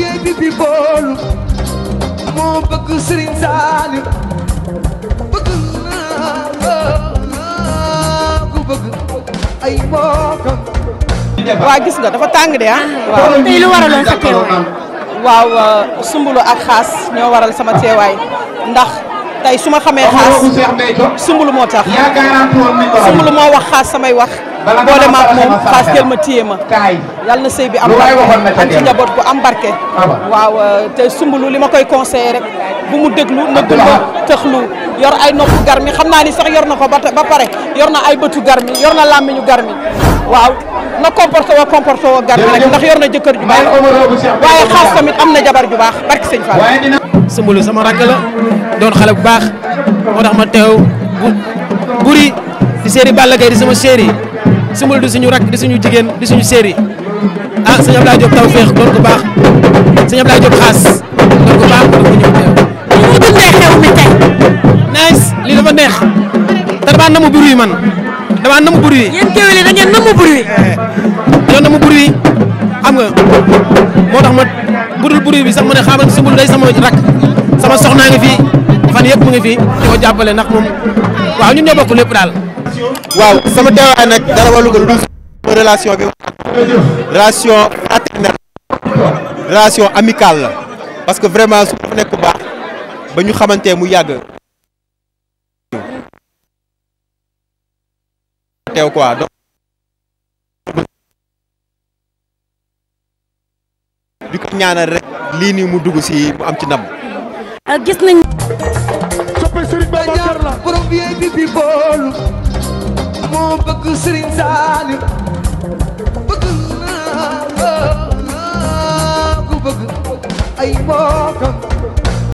biye bi bi boolu bëgg sëriñ Saaliw bëgg naa bëgg ay gis nga dafa de lu sa sumbulu ak xaas ñoo waral sama teewaay ndax tey su ma sumbulu moo tax sumbulu moo wax xaas samay wax boole ma ak moom xaas jël ma téye ma yal na sëy bi am barke am ci njaboot bu am barke ah waaw euh, te sumbulu li ma koy conseillé rek bu mu déglu na dunda tëxlu yor ay nopp gar mi xam naa ni sax yor na ko ba pare yor na ay bëtu gar mi yor na làmmiñu gar mi waaw na comporté woo comporté woo gar mi rek ndax yor na jëkkër ju baax waaye xaas tamit am na jabar ju baax barke sëñ Fall sumbulu sama rakk la doon xale bu baax moo tax ma teew buri di séeri Balla Gaye di sama Soumboulou du suñu rak di suñu jigen di suñu séri ah sëñ abdou Diop taw féex doon ko bax sëñ abdou Diop khas ko ko bax ko ñu teew. ni du dundee xew mi tay nice li dafa neex te damaa namu yi man damaa namu buru yi yeen kewele da ngeen namu buru yi yow namu buru yi xam nga moo tax ma budul buru bi sax ma ne xaaral Soumboulou day sama rak sama soxna nga fi fan yëpp mu ngi fi ko jàppale nak mom waaw ñun ñoo bokku lepp dal waaw sama teewaay nag dara walu ko lu relation bi relation fraternelle relation amicale parce que vraiment su nekk baax ba ñu xamantee mu yàgg quoi di ko ñaanal rek lii nii mu dugg si mu am ci ndam gis nañ soppe la bi bi moo bëgg Serigne Saliou bëgg naa ko bëgg ay mbokkam